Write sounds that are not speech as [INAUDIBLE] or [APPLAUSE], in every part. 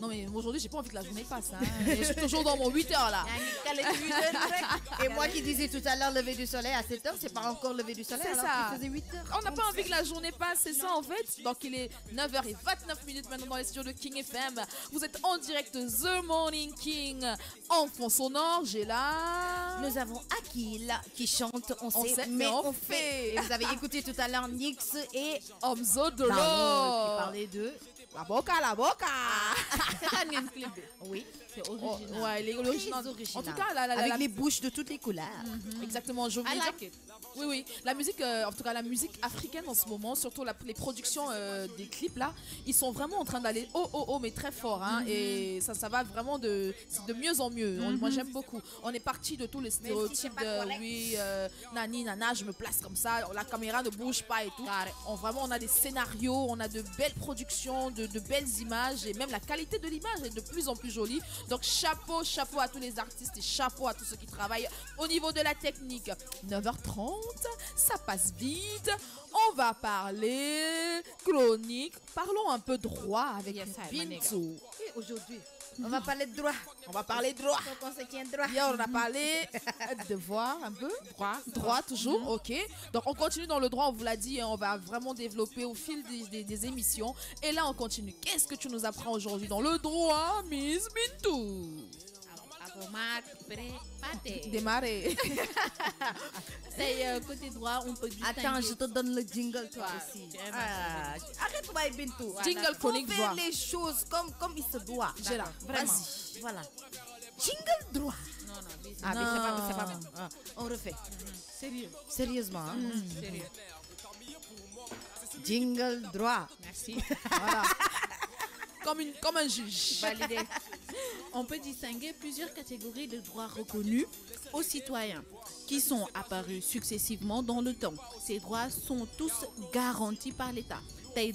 Non, mais aujourd'hui, j'ai pas envie que la journée passe. Hein. Je suis toujours dans mon 8 heures là. Et moi qui disais tout à l'heure lever du soleil à 7 heures, c'est pas encore lever du soleil. C'est ça. On n'a pas envie que la journée passe, c'est ça en fait. Donc il est 9h29 minutes maintenant dans les studios de King FM. Vous êtes en direct The Morning King. En fond sonore, j'ai là. Nous avons Akil qui chante On, sait, mais on, fait. Et vous avez écouté tout à l'heure Nix et de Par Qui parlait de La boca, la boca. Ah. [LAUGHS] Oui. C'est oh, original. les En tout cas, avec les bouches de toutes les couleurs. Mhm. Exactement. Je Oui, oui. La musique, euh, en tout cas, la musique africaine en ce moment, surtout les productions euh, des clips là, ils sont vraiment en train d'aller oh oh oh, mais très fort. Hein, mhm. Et ça, ça va vraiment de, de mieux en mieux. Moi, mhm. j'aime beaucoup. On est parti de tous les stéréotypes de oui, euh, nani, nana, je me place comme ça, la caméra ne bouge pas et tout. On, vraiment, on a des scénarios, on a de belles productions, de, de belles images et même la qualité de l'image est de plus en plus jolie. Donc chapeau, chapeau à tous les artistes et chapeau à tous ceux qui travaillent au niveau de la technique. 9h30, ça passe vite. On va parler chronique. Parlons un peu droit avec yes, on va parler de droit. On va parler de droit. Donc on se tient droit. Hier, on a parlé de voir un peu. Droit. Droit toujours, mhm. ok. Donc on continue dans le droit, on vous l'a dit, hein, on va vraiment développer au fil des, des émissions. Et là, on continue. Qu'est-ce que tu nous apprends aujourd'hui dans le droit, Miss Bintou Prépare. Démarrer. [LAUGHS] C'est euh, côté droit, on peut distinguer. Attends, je te donne le jingle, toi aussi. Ah, arrête moi, Bintou. Jingle chronique Faut faire les choses comme, comme il se doit. J'ai là, vraiment. Voilà. Jingle droit. Non, non, mais c'est ah, pas, bon, pas, Ah, on refait. Mm-hmm. Sérieux. Sérieusement. Hein. Mm-hmm. Mm-hmm. Jingle droit. Merci. [LAUGHS] Voilà. [LAUGHS] comme, une, comme un juge. Validé on peut distinguer plusieurs catégories de droits reconnus aux citoyens qui sont apparus successivement dans le temps. Ces droits sont tous garantis par l'État. les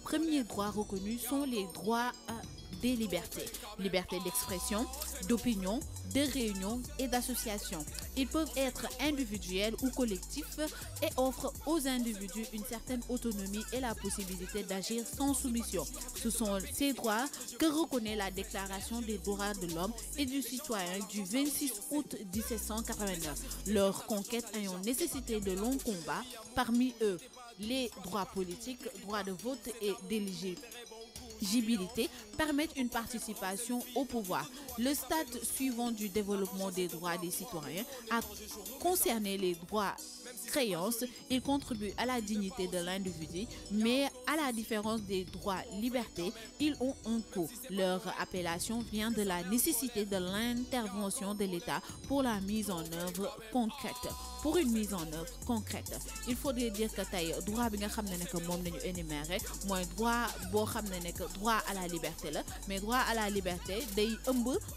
premiers droits reconnus sont les droits euh, des libertés, liberté d'expression, d'opinion, de réunion et d'association. Ils peuvent être individuels ou collectifs et offrent aux individus une certaine autonomie et la possibilité d'agir sans soumission. Ce sont ces droits que reconnaît la Déclaration des droits de l'homme et du citoyen du 26 août 1789. Leurs conquêtes ayant nécessité de longs combats, parmi eux les droits politiques, droit de vote et d'éligibilité permettent une participation au pouvoir. Le stade suivant du développement des droits des citoyens a concerné les droits créances. Ils contribuent à la dignité de l'individu, mais à la différence des droits libertés, ils ont un coût. Leur appellation vient de la nécessité de l'intervention de l'État pour la mise en œuvre concrète pour une mise en œuvre concrète il faudrait dire que taille droit bi nga xam ne ne que nous nañu énuméré mooy droit boo xam que droit à la liberté là, mais droit à la liberté day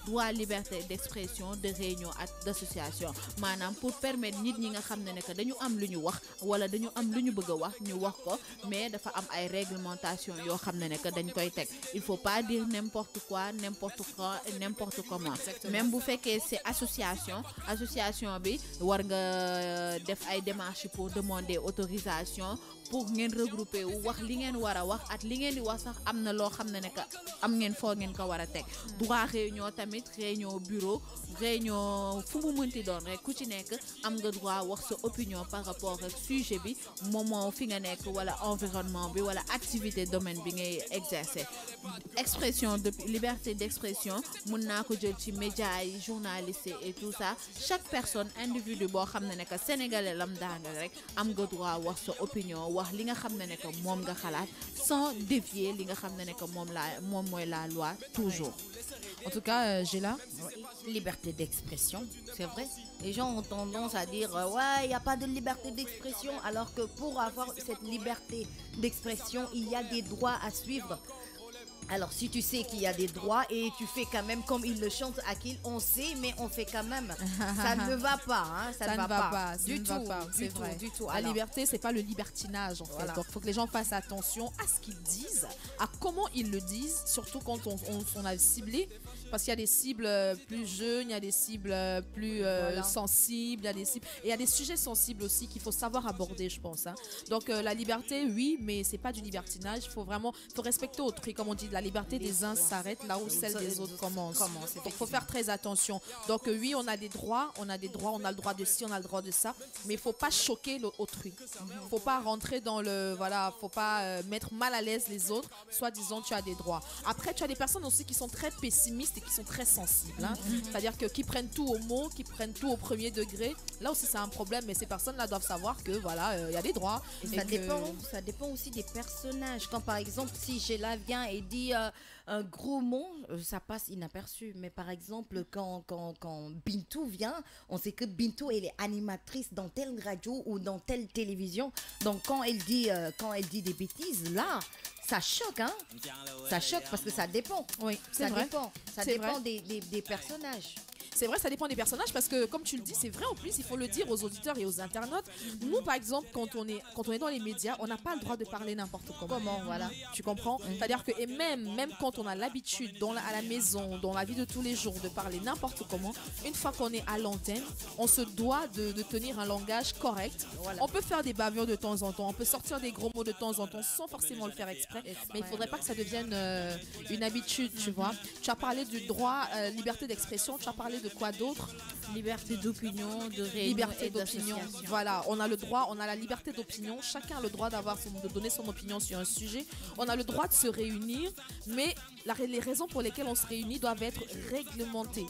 droit liberté d'expression de réunion et d'association maintenant pour permettre nit ñi nga xam que dañu am lu ñu wax wala dañu am que nous bëgg a wax ñu wax ko mais dafa am ay réglementation il ne que dañ koy il faut pas dire n'importe quoi n'importe quoi n'importe comment même si c'est association association bi war nga euh, def ay démarches pour demander autorisation pour ngeen regrouper ou wax li ngeen wara a wax at li ngeen di wax sax amna lo loo xam am ngeen fo ngeen ko wara a droit hmm. réunion tamit réunion bureau réunion fu mu mënti doon rek ku ci nekk am nga droit wax sa opinion par rapport au sujet bi moment fi nga nek wala environnement bi wala activité domaine bi ngay exercer expression de liberté d'expression mun naa ko ci médias yi journalistes et tout ça chaque personne individu bo xam que sénégalais lam dangal rek am droit wax sa opinion wax li nga xamné ne sans dévier li nga xamné la la loi toujours. En tout cas, j'ai euh, la liberté d'expression, c'est vrai. Les gens ont tendance à dire euh, ouais, il n'y a pas de liberté d'expression, alors que pour avoir cette liberté d'expression, il y a des droits à suivre. Alors si tu sais qu'il y a des droits et tu fais quand même comme il le chante à qui on sait mais on fait quand même ça ne va pas hein, ça, ne va, pas, du tout du tout. la liberté, liberté c'est pas le libertinage en faut que les gens fassent attention à ce qu'ils disent à comment ils le disent surtout quand on, on, on a ciblé parce qu'il y a des cibles euh, plus jeunes, il y a des cibles euh, plus euh, sensibles, il y a des Et il y a des sujets sensibles aussi qu'il faut savoir aborder, je pense. Hein. Donc la liberté, oui, mais c'est pas du libertinage. Il faut vraiment faut respecter autrui. Comme on dit, la liberté des uns s'arrête là où celle des autres commence. Donc il faut faire très attention. Donc oui, on a des droits, on a des droits, on a le droit de ci, on a le droit de ça, mais il faut pas choquer l'autrui. faut pas rentrer dans le. Voilà, faut pas mettre mal à l'aise les autres, soit disant tu as des droits. Après, tu as des personnes aussi qui sont très pessimistes qui sont très sensibles. Hein. C'est-à-dire que qui prennent tout au mot, qui prennent tout au premier degré. Là aussi, c'est un problème, mais ces personnes-là doivent savoir que voilà, euh, il y a des droits. Et ça dépend. Ça dépend aussi des personnages. Quand par exemple, si la vient et dit euh, un gros mot, euh, ça passe inaperçu. Mais par exemple, quand, quand, quand Bintou vient, on sait que Bintou, elle est animatrice dans telle radio ou dans telle télévision. Donc quand elle dit, euh, quand elle dit des bêtises, là, ça choque, hein Ça choque parce que ça dépend. Oui, ça dépend. Ça dépend des, des personnages. C'est vrai, ça dépend des personnages parce que, comme tu le dis, c'est vrai en plus, il faut le dire aux auditeurs et aux internautes. Nous, par exemple, quand on est, quand on est dans les médias, on n'a pas le droit de parler n'importe comment. Comment, voilà. Tu comprends mm. C'est-à-dire que, et même, même quand on a l'habitude dans à la maison, dans la vie de tous les jours, de parler n'importe comment, une fois qu'on est à l'antenne, on se doit de, tenir un langage correct. On peut faire des bavures de temps en temps, on peut sortir des gros mots de temps en temps sans forcément le faire exprès, mais il faudrait pas que ça devienne euh, une habitude, tu vois. Tu as parlé du droit, euh, liberté d'expression, tu as parlé de de quoi d'autre Liberté d'opinion, de réunion liberté d'opinion. Voilà, on a le droit, on a la liberté d'opinion. Chacun a le droit d'avoir de donner son opinion sur un sujet. On a le droit de se réunir, mais les raisons pour lesquelles on se réunit doivent être réglementées.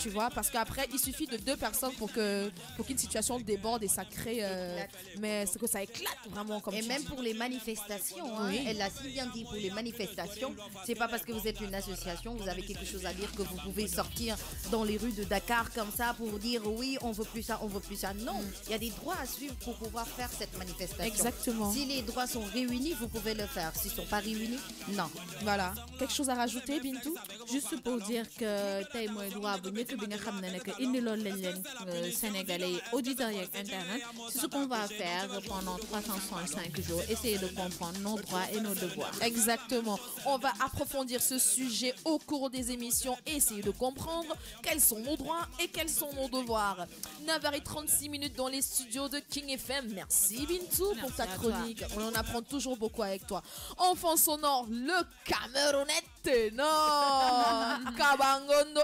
Tu vois, parce qu'après, il suffit de deux personnes pour que pour qu'une situation déborde et ça crée, euh, mais mais que ça éclate vraiment comme. Et même pour les manifestations, hein. elle l'a si bien dit pour les manifestations. C'est pas parce que vous êtes une association, vous avez quelque chose à dire que vous pouvez sortir dans les rues de Dakar comme ça pour dire oui, on veut plus ça, on veut plus ça. Non, mm. il y a des droits à suivre pour pouvoir faire cette manifestation. Exactement. Si les droits sont réunis, vous pouvez le faire. S'ils ne sont pas réunis, non. Voilà. Quelque chose à rajouter, Bintou Juste pour dire que Sénégalais internet c'est ce qu'on va faire pendant 365 jours, essayer de comprendre nos droits et nos devoirs. Exactement. On va approfondir ce sujet au cours des émissions, essayer de comprendre quels sont droit et quels sont nos devoirs. 9h36 minutes dans les studios de King FM. Merci Bintou pour ta chronique. On en apprend toujours beaucoup avec toi. Enfant sonore, le Camerounette, non [LAUGHS]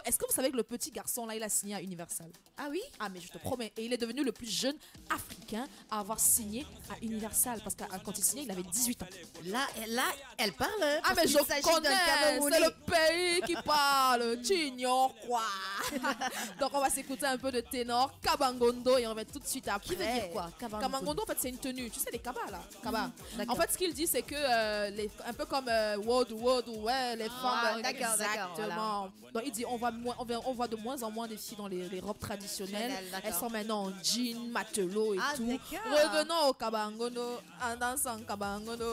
Est-ce que vous savez que le petit garçon là, il a signé à Universal Ah oui Ah mais je te promets. Et il est devenu le plus jeune africain à avoir signé à Universal. Parce que quand il signait, il avait 18 ans. Là, là elle parle. Hein, ah mais je connais. C'est le pays qui parle. tu ignores quoi [LAUGHS] [LAUGHS] Donc on va s'écouter un peu de ténor, Kabangondo et on va tout de suite après. Qui veut dire quoi Kabangondo, en fait c'est une tenue, tu sais les kabas là, mm, en fait ce qu'il dit c'est que euh, les, un peu comme euh, World World ouais les ah, femmes exactement. Donc il dit on voit moins, on, on voit de moins en moins des filles dans les, robes traditionnelles. Elles sont maintenant en jean, matelots et ah, tout. Revenons au Kabangondo, en dansant Kabangondo.